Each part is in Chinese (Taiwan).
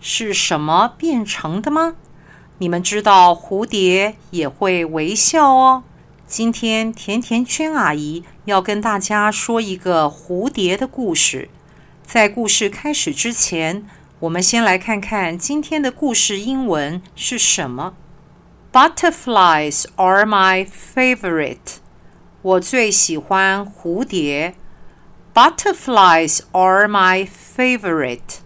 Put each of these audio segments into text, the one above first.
是什麼變成的嗎？你們知道蝴蝶也會微笑哦。今天甜甜圈阿姨要跟大家說一個蝴蝶的故事。在故事開始之前，我們先來看看今天的故事英文是什麼。Butterflies are my favorite。我最喜歡蝴蝶。Butterflies are my favorite。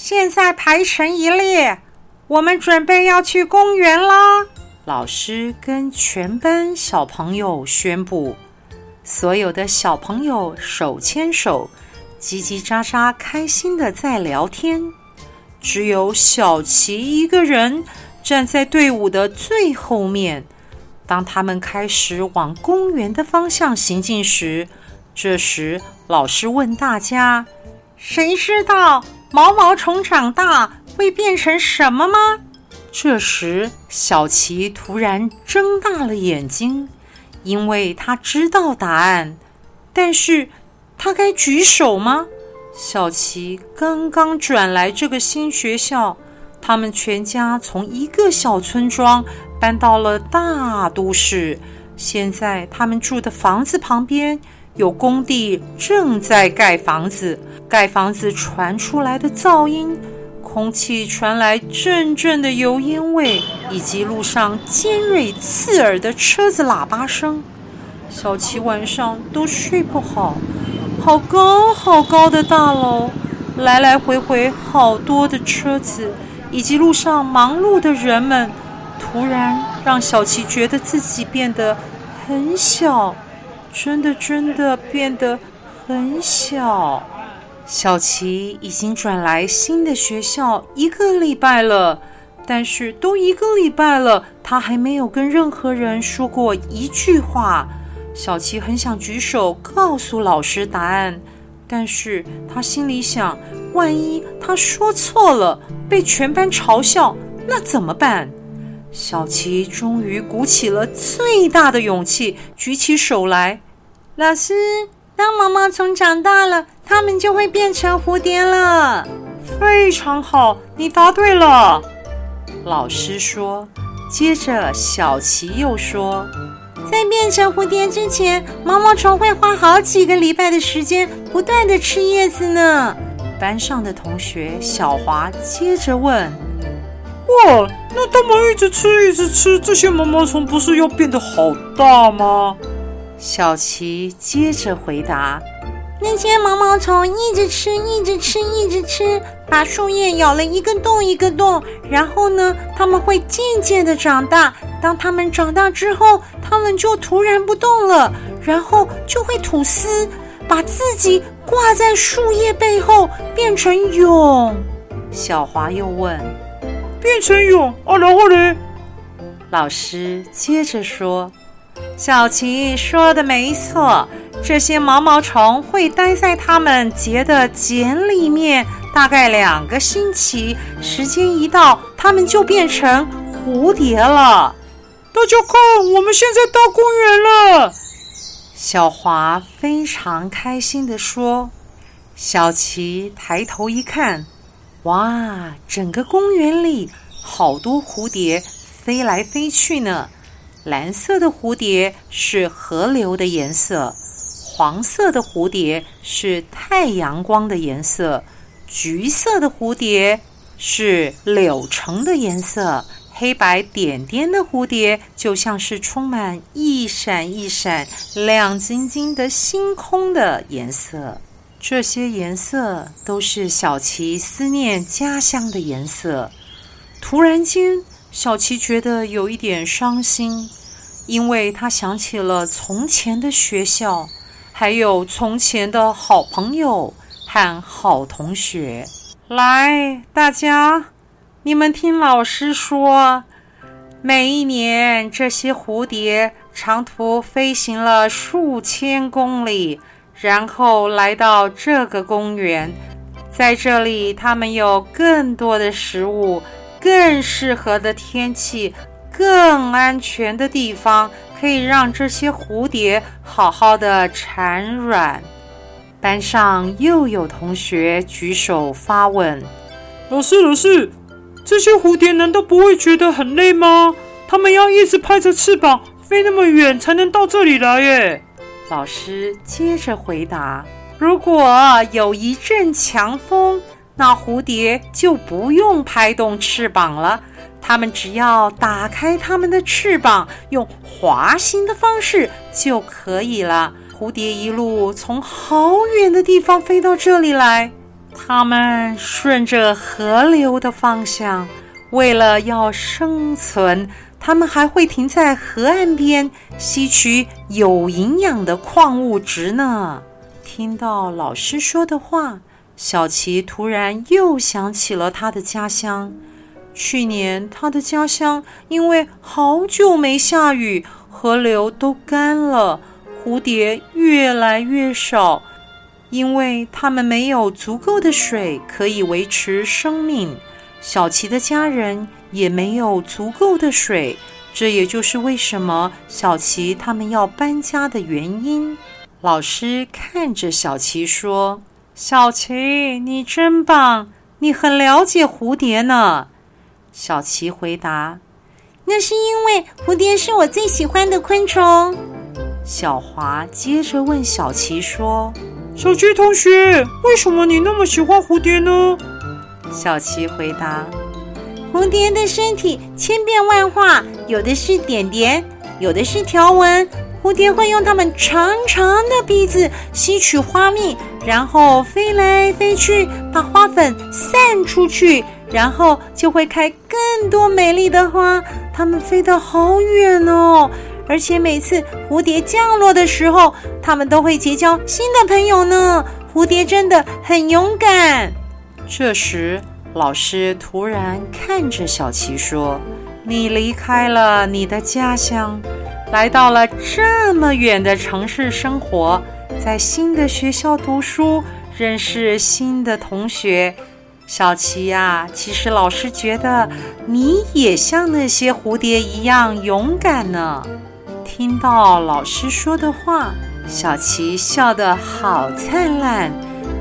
現在排成一列，我們準備要去公園啦！老師跟全班小朋友宣布，所有的小朋友手牽手，嘰嘰喳喳，開心的在聊天。只有小琪一個人站在隊伍的最後面。當他們開始往公園的方向行進時，這時老師問大家：“誰知道？”毛毛蟲長大會變成什麼嗎？這時，小琪突然睜大了眼睛，因為他知道答案。但是，他該舉手嗎？小琪剛剛轉來這個新學校，他們全家從一個小村莊搬到了大都市。現在，他們住的房子旁邊。有工地正在蓋房子，蓋房子傳出來的噪音，空氣傳來陣陣的油煙味，以及路上尖銳刺耳的車子喇叭聲。小琪晚上都睡不好，好高好高的大樓，來來回回好多的車子，以及路上忙碌的人們，突然讓小琪覺得自己變得很小。真的真的變得很小、小。小琪已經轉來新的學校一個禮拜了，但是都一個禮拜了，他還沒有跟任何人說過一句話。小琪很想舉手告訴老師答案，但是他心裡想，萬一他說錯了，被全班嘲笑，那怎麼辦？小琪終於鼓起了最大的勇氣，舉起手來。老師，當毛毛蟲長大了，它們就會變成蝴蝶了。非常好，你答對了。老師說，接着小琪又說，在變成蝴蝶之前，毛毛蟲會花好幾個禮拜的時間，不斷地吃葉子呢。班上的同學小華接着問：“哇，那它們一直吃，一直吃，這些毛毛蟲不是要變得好大嗎？”小琪接着回答：“那些毛毛蟲一直吃，一直吃，一直吃，把樹葉咬了一個洞一個洞。然後呢，它們會漸漸的長大。當它們長大之後，它們就突然不動了，然後就會吐絲，把自己掛在樹葉背後，變成蛹。”小華又問：“變成蛹啊，然後呢？”老師接着說。小琪說的沒錯，這些毛毛蟲會待在它們結的繭裡面，大概兩個星期。時間一到，它們就變成蝴蝶了。大家看，我們現在到公園了。小華非常開心地說。小琪抬頭一看，哇，整個公園裡好多蝴蝶飛來飛去呢。藍色的蝴蝶是河流的顏色，黃色的蝴蝶是太陽光的顏色，橘色的蝴蝶是柳橙的顏色，黑白點點的蝴蝶就像是充滿一閃一閃亮晶晶的星空的顏色。這些顏色都是小琪思念家鄉的顏色。突然間，小琪覺得有一點傷心。因為他想起了從前的學校，還有從前的好朋友和好同學。來，大家，你們聽老師說，每一年這些蝴蝶長途飛行了數千公里，然後來到這個公園，在這裡它們有更多的食物，更適合的天氣。更安全的地方可以讓這些蝴蝶好好的產卵。班上又有同學舉手發問：“老師，老師，這些蝴蝶難道不會覺得很累嗎？它們要一直拍着翅膀飛那麼遠才能到這裡來耶？”老師接着回答：“如果有一陣強風，那蝴蝶就不用拍動翅膀了。”它們只要打開它們的翅膀，用滑行的方式就可以了。蝴蝶一路從好遠的地方飛到這裡來，它們順着河流的方向。為了要生存，它們還會停在河岸邊，吸取有營養的礦物質呢。聽到老師說的話，小琪突然又想起了他的家鄉。去年，他的家鄉因為好久沒下雨，河流都乾了，蝴蝶越來越少，因為它們沒有足夠的水可以維持生命。小琪的家人也沒有足夠的水，這也就是為什麼小琪他們要搬家的原因。老師看着小琪說：“小琪，你真棒，你很了解蝴蝶呢。”小琪回答：“那是因為蝴蝶是我最喜歡的昆蟲。”小華接着問小琪說：“小琪同學，為什麼你那麼喜歡蝴蝶呢？”小琪回答：“蝴蝶的身體千變萬化，有的是點點，有的是條紋。蝴蝶會用它們長長的鼻子吸取花蜜，然後飛來飛去，把花粉散出去。”然後就會開更多美麗的花，它們飛得好遠哦，而且每次蝴蝶降落的時候，它們都會結交新的朋友呢。蝴蝶真的很勇敢。這時，老師突然看着小琪說：“你離開了你的家鄉，來到了這麼遠的城市生活，在新的學校讀書，認識新的同學。”小琪呀、啊，其實老師覺得你也像那些蝴蝶一樣勇敢呢。聽到老師說的話，小琪笑得好燦爛，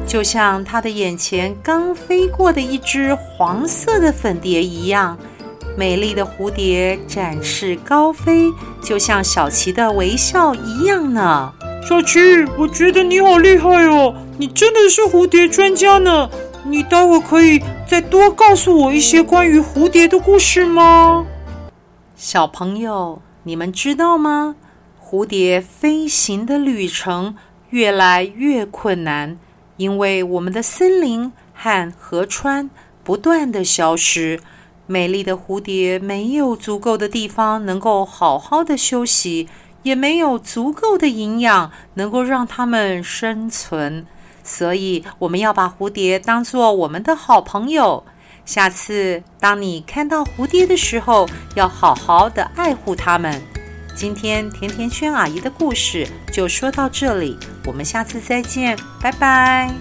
就像她的眼前剛飛過的一隻黃色的粉蝶一樣。美麗的蝴蝶展翅高飛，就像小琪的微笑一樣呢。小琪，我覺得你好厲害哦，你真的是蝴蝶專家呢。你待會可以再多告訴我一些關於蝴蝶的故事嗎？小朋友，你們知道嗎？蝴蝶飛行的旅程越來越困難，因為我們的森林和河川不斷地消失，美麗的蝴蝶沒有足夠的地方能夠好好的休息，也沒有足夠的營養能夠讓它們生存。所以我們要把蝴蝶當做我們的好朋友。下次當你看到蝴蝶的時候，要好好的愛護它們。今天甜甜圈阿姨的故事就說到這裡，我們下次再見，拜拜。